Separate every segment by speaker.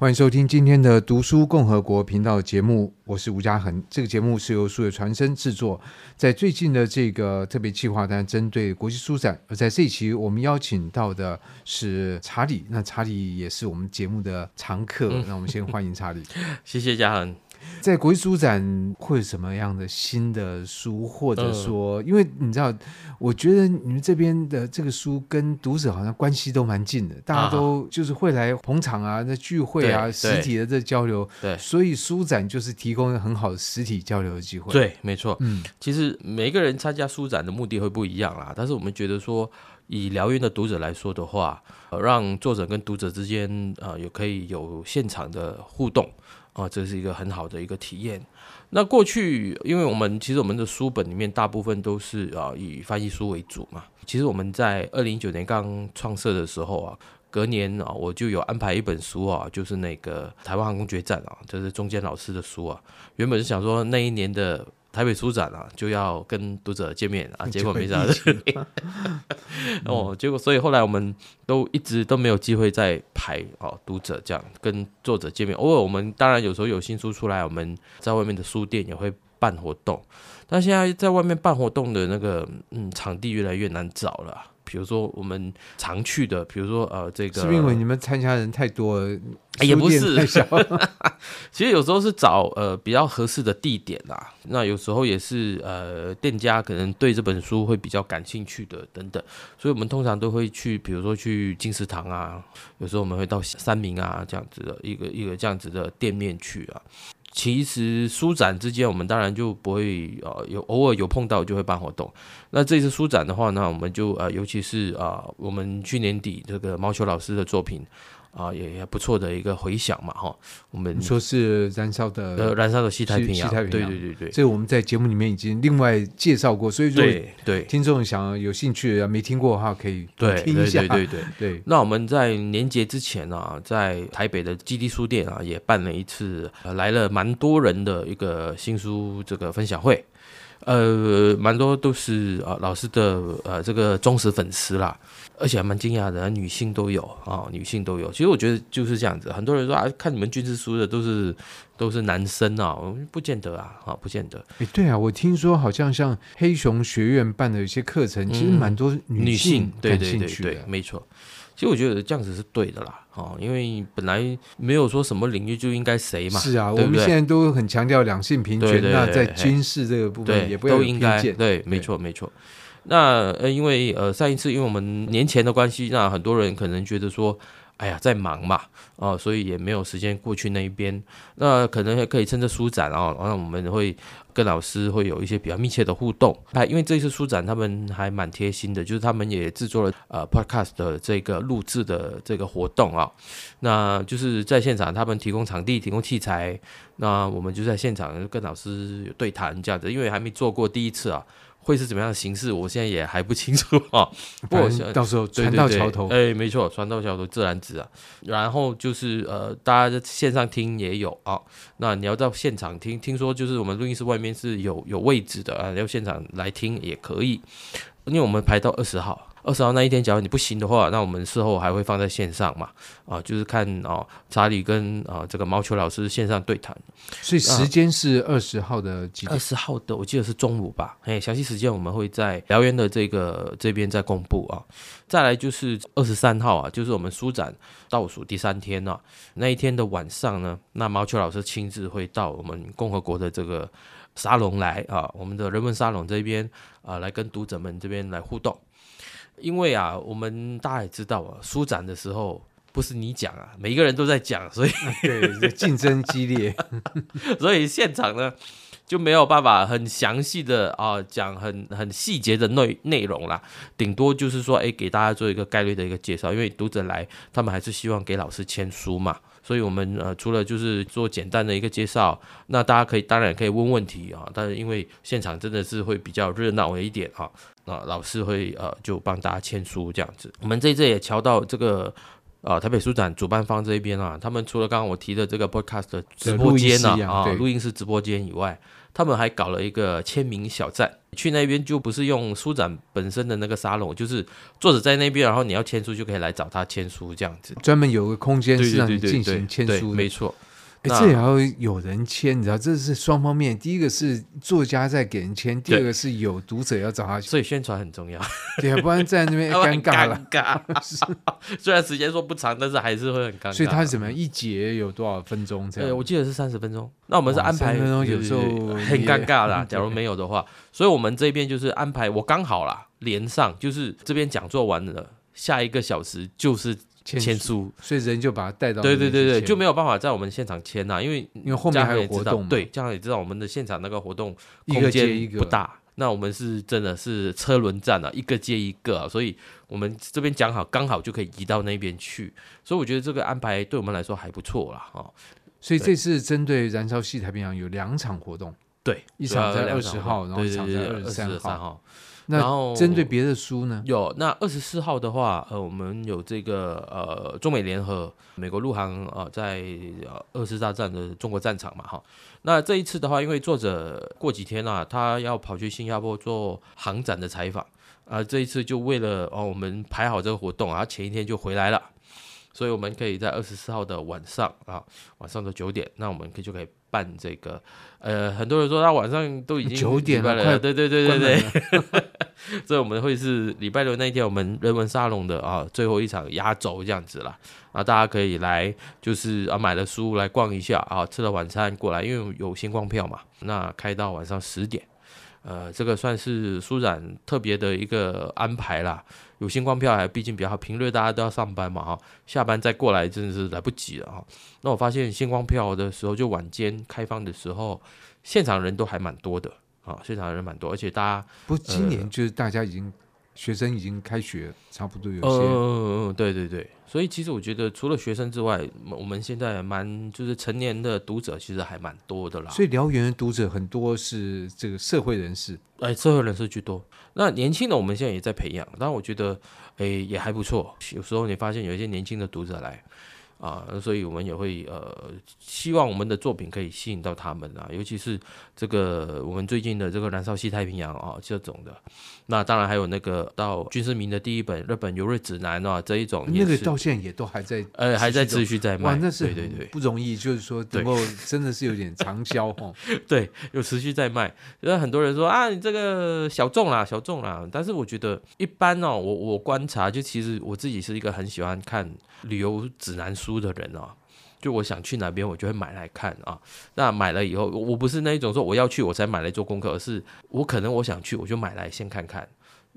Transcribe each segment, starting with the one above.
Speaker 1: 歡迎收聽今天的《讀書共和國》頻道節目，我是吳家恆。這個節目是由數位傳聲製作。在最近的這個特別計劃，單針對國際書展，而在這一期我們邀請到的是查理。那查理也是我們節目的常客。嗯、那我們先歡迎查理，嗯、 謝謝家恆。在國際書展會有什麼樣的新的書，或者說，呃、因為你知道，我覺得你們這邊的這個書跟讀者好像關係都蠻近的，大家都就是會來捧場啊，那聚會啊，實體
Speaker 2: 的這交流，對，對，所以
Speaker 1: 書展就是提供
Speaker 2: 很好的實體交流的機會。對，沒錯。嗯，其實每個人參加書展的目的會不一樣啦，但是我們覺得說，以燎原的讀者來說的話，讓作者跟讀者之間啊、呃，有可以有現場的互動。啊，這是一個很好的一個體驗。那過去，因為我們其實我們的書本裡面大部分都是啊以翻譯書為主嘛。其實我們在二零一九年剛創設的時候啊，隔年啊我就有安排一本書啊，就是那個《台灣航空決戰》啊，這、就是鍾堅老師的書啊。原本是想說那一年的。台北書展啊，就要跟讀者見面啊，結果沒啥事，啊 嗯、哦。結果，所以後來我們都一直都沒有機會再排哦讀者這樣跟作者見面。偶爾我們當然有時候有新書出來，我們在外面的書店也會辦活動。但現在在外面辦活動的那個嗯場地越來越難找了。比如說我們常去的。比如說呃，這個是因為你們參加人太多了。欸、
Speaker 1: 了也不是，
Speaker 2: 其實有時候是找呃比較合適的地點啦、啊。那有時候也是呃店家可能對這本書會比較感興趣的等等，所以我們通常都會去，比如說去金石堂啊，有時候我們會到三民啊這樣子的一個一個這樣子的店面去啊。其實書展之間，我們當然就不會呃有偶爾有碰到就會辦活動。那這次書展的話呢，我們就呃尤其是啊，我們去年底這個毛球老師的作品。啊，也也不錯的一個回響嘛，哈。我們說是燃燒的，呃，燃燒的西太平、平洋，對對對對、對。這
Speaker 1: 我們在節目裡面已經另外介紹過，所以說對聽眾想有興趣的、啊、沒聽過的話，可以聽一下，對對對、對、對、對、對、對。
Speaker 2: 那我們在年節之前呢、啊，在台北的基地書店啊，也辦了一次來了蠻多人的一個新書這個分享會。呃，蠻多都是啊老師的呃、啊、這個忠實粉絲啦，而且還蠻驚訝的、啊，女性都有啊、哦，女性都有。其實我覺得就是這樣子，很多人說啊，看你們軍事書的都是。都是男生啊、哦，我們不見得啊，啊，不見得。
Speaker 1: 哎、欸，對啊，我聽說好像像黑熊學院辦的有些課程，其實蠻多女性感興趣的、嗯、女性對對對對，對
Speaker 2: 對，沒錯。其實我覺得這樣子是對的啦，哦，因為本來沒有說什麼領域就應該誰嘛。是啊，對對我們現
Speaker 1: 在都很強調兩性平權，對對對對那在軍事這個部分也不要有偏見，都應該對，
Speaker 2: 對，沒錯，沒錯。那呃，因為呃，上一次因為我們年前的關係，那很多人可能覺得說。哎呀，在忙嘛，哦，所以也沒有時間過去那一邊。那可能也可以趁着書展啊、哦，然後我們會跟老師會有一些比較密切的互動。哎，因為這一次書展他們還蠻貼心的，就是他們也製作了呃 Podcast 的這個錄製的這個活動啊、哦。那就是在現場，他們提供場地，提供器材，那我們就在現場跟老師有對談這樣子，因為還沒做過第一次啊。會是怎麼樣的形式？我現在也還不清楚啊。不過到時候船到橋頭 對對對對，哎，沒錯，船到橋頭自然直啊。然後就是呃，大家在線上聽也有啊。那你要到現場聽，聽說就是我們錄音室外面是有有位置的啊，要現場來聽也可以。因為我們排到二十號。二十號那一天，假如你不行的話，那我們事後還會放在線上嘛？啊，就是看哦、啊，查理跟啊這個毛球老師線上對談，所以時間是二十號的幾天，幾二十號的，我記得是中午吧？嘿，詳細時間我們會在燎原的這個這邊再公布啊。再來就是二十三號啊，就是我們書展倒數第三天了，啊。那一天的晚上呢，那毛球老師親自會到我們共和國的這個沙龍來啊，我們的人文沙龍這邊啊，來跟讀者們這邊來互動。因為啊，我們大家也知道啊，書展的時候。不是你講啊，每一個人都在講，所以、啊、對競 爭激烈， 所以現場呢就沒有辦法很詳細的啊講很很細節的內內容啦，頂多就是說誒、欸，給大家做一個概略的一個介紹，因為讀者來他們還是希望給老師簽書嘛，所以我們呃除了就是做簡單的一個介紹，那大家可以當然可以問問題啊、哦，但是因為現場真的是會比較熱鬧一點啊、哦，那老師會呃就幫大家簽書這樣子，我們這次也瞧到這個。啊、哦，台北書展主辦方這一邊啊，他們除了剛剛我提的這個 podcast 的直播間呢，啊，錄音室直播間以外，他們還搞了一個簽名小站，去那邊就不是用書展本身的那個沙龍，就是作者在那邊，然後你要簽書就可以來找他簽書這樣子，專門有個空間是讓你進行簽書的，對對對對對對沒錯。哎、欸，這也要有，
Speaker 1: 有人簽，你知道，這是雙方面。第一個是作家在給人簽，第二個是有讀者要找他簽，所以宣傳很重要，對，不然
Speaker 2: 在那邊尷尬了。尷尬， 雖然時間說不長，但是還是會很尷尬。所以他是怎麼樣？一節有多少分鐘？這樣？對、欸，我記得是三十分鐘。那我們是安排，分有時候對對對很尷尬啦。假如沒有的話，所以我們這邊就是安排，我剛好啦，連上就是這邊講座完了，下一個小時就是。簽書，
Speaker 1: 所以人就把他
Speaker 2: 帶到。對對對對，就沒有辦法在我們現場簽吶、啊，因為因為後面還有活動。對，這樣也知道我們的現場那個活動空間不大，那我們是真的是車輪戰啊，一個接一個、啊。所以我們這邊講好，剛好就可以移到那邊去。所以我覺得這個安排對我們來說還不錯了哈。
Speaker 1: 所以這次針對燃燒西太平洋有兩場活動，
Speaker 2: 對，一場在二十號、啊、號，然後一場在二十三號。對對對對然後針對別的書呢？有那二十四號的話，呃，我們有這個呃，中美聯合，美國陸航，呃，在呃二次大戰的中國戰場嘛，哈。那這一次的話，因為作者過幾天啊，他要跑去新加坡做航展的採訪，呃，這一次就為了哦、呃，我們排好這個活動啊，然後前一天就回來了。所以，我們可以在二十四號的晚上啊，晚上的九點，那我們可就可以辦這個。呃，很多人說他晚上都已經九點了，對對對對對。 所以我們會是禮拜六那一天，我們人文沙龍的啊最後一場壓軸這樣子啦。啊，大家可以來，就是啊買了書來逛一下啊，吃了晚餐過來，因為有星光票嘛。那開到晚上十點。呃，這個算是書展特別的一個安排啦。有星光票還畢竟比較好，平日，大家都要上班嘛，哈、哦，下班再過來真的是來不及了哈、哦。那我發現星光票的時候，就晚間開放的時候，現場人都還蠻多的啊、哦，現場人蠻多，而且大家不過今年就是大家已經。呃學生已經開
Speaker 1: 學，差不多有些。
Speaker 2: 嗯嗯嗯，對對對。所以其實我覺得，除了學生之外，我們現在蠻就是成年的讀者其實還蠻多的啦。所以燎原的讀者很多是這個社會人士，哎，社會人士居多。那年輕的我們現在也在培養，但我覺得，哎，也還不錯。有時候你發現有一些年輕的讀者來。啊，所以我們也會呃，希望我們的作品可以吸引到他們啊，尤其是這個我們最近的這個《燃燒西太平洋》啊，這種的。那當然還有那個到軍事名的第一本《日本遊瑞指南》啊，這一種，那個到現在也都還在都，呃，還在持續在賣。對，是，對對不容易，
Speaker 1: 是容易對對對，就是說能夠
Speaker 2: 真的是有點長銷 哦。對，有持續在賣。有很多人說啊，你這個小眾啦、啊，小眾啦、啊。但是我覺得一般哦，我我觀察，就其實我自己是一個很喜歡看旅遊指南書。租的人啊、哦，就我想去哪邊，我就會買來看啊。那買了以後，我不是那一種說我要去我才買來做功課，而是我可能我想去，我就買來先看看，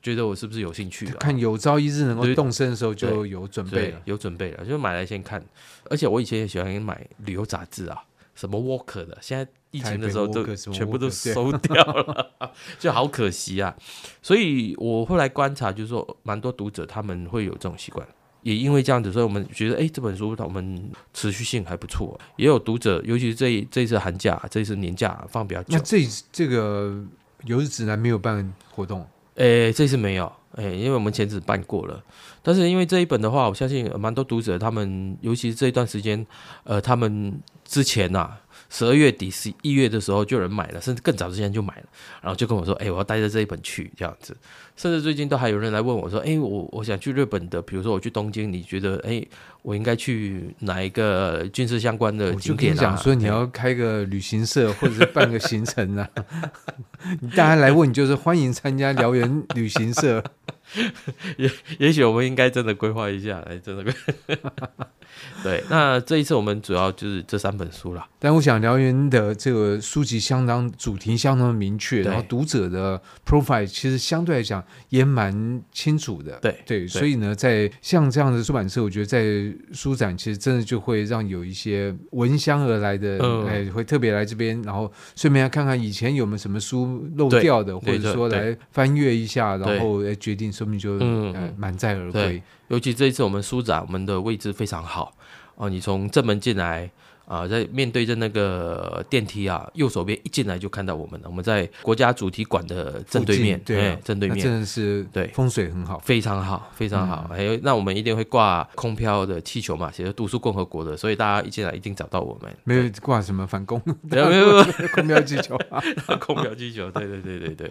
Speaker 2: 覺得我是不是有興趣、啊。看有朝一日能夠動身的時候，就有準備了，有準備了，就買來先看。而且我以前也喜歡買旅遊雜誌啊，什麼 Walker 的，現在疫情的時候都全部都收掉了，就好可惜啊。所以我後來觀察，就是說蠻多讀者他們會有這種習慣。也因為這樣子，所以我們覺得，誒，這本書它我們持續性還不錯。也有讀者，尤其是這這次寒假、這次年假放比較久。那這這個遊日指南沒有辦活動？誒，這次沒有，誒，因為我們前次辦過了。但是因為這一本的話，我相信蠻多讀者他們，尤其是這一段時間，呃，他們之前吶、啊。十二月底、十一月的時候就有人買了，甚至更早之前就買了，然後就跟我說：“哎、欸，我要帶着這一本去這樣子。”甚至最近都還有人來問我：“說，哎、欸，我我想去日本的，比如說我去東京，你覺得，哎、欸，我應該去哪一個軍事相關的景點啊？”我就跟你講說，你要
Speaker 1: 開個旅行社或者是辦個行程啊， 你大家來問你就是歡迎參加燎原旅行社。
Speaker 2: 也也許我們應該真的規劃一下，哎，真的，規劃。對。那這一次我們主要就是這三本書啦。
Speaker 1: 但我想燎原的這個書籍相當主題相當明確，然後讀者的 profile 其實相對來講也蠻清楚的。
Speaker 2: 對對，所以
Speaker 1: 呢，在像這樣的出版社，我覺得在書展其實真的就會讓有一些聞香而來的，哎、嗯欸，會特別來這邊，然後順便看看以前有沒有什麼書漏掉的，或者說來翻閱一下，然後
Speaker 2: 來決定書，說明就、嗯呃、滿載而歸。對，尤其這一次我們書展，我們的位置非常好哦、呃，你從正門進來。啊，在面對着那個電梯啊，右手邊一進來就看到我們了。我們在國家主題館的正對面，對、啊、正對面真的是對風水很好，非常好，非常好。還、嗯、有，那我們一定會掛空飄的氣球嘛，寫着“讀書共和國”的，所以大家一進來一定找到我們。
Speaker 1: 沒有掛什麼反攻，沒有沒有空飄
Speaker 2: 氣球， 空飄氣球，對對對對對。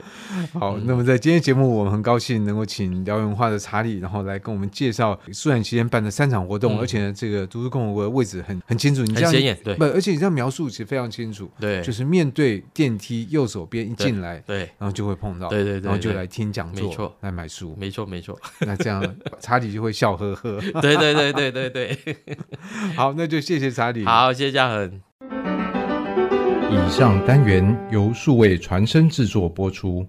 Speaker 2: 好，那麼
Speaker 1: 在今天節目，我們很高興能夠請燎原文化的查理，然後來跟我們介紹書展期間辦的三場活動，嗯、而且呢，這個“讀書共和國”的位置很很清楚，你這對，而且你這樣描述其實非常清楚，對，就是面對電梯右手邊一進來，對，對，然後就會碰到，對對對、對、對，然後就來聽講座，沒錯，來買書，沒錯沒錯，那這樣查理就會笑呵呵， 對對對對
Speaker 2: 對對， 好，那就謝謝查理，好，謝謝家恆。
Speaker 1: 以上單元由數位傳聲製作播出。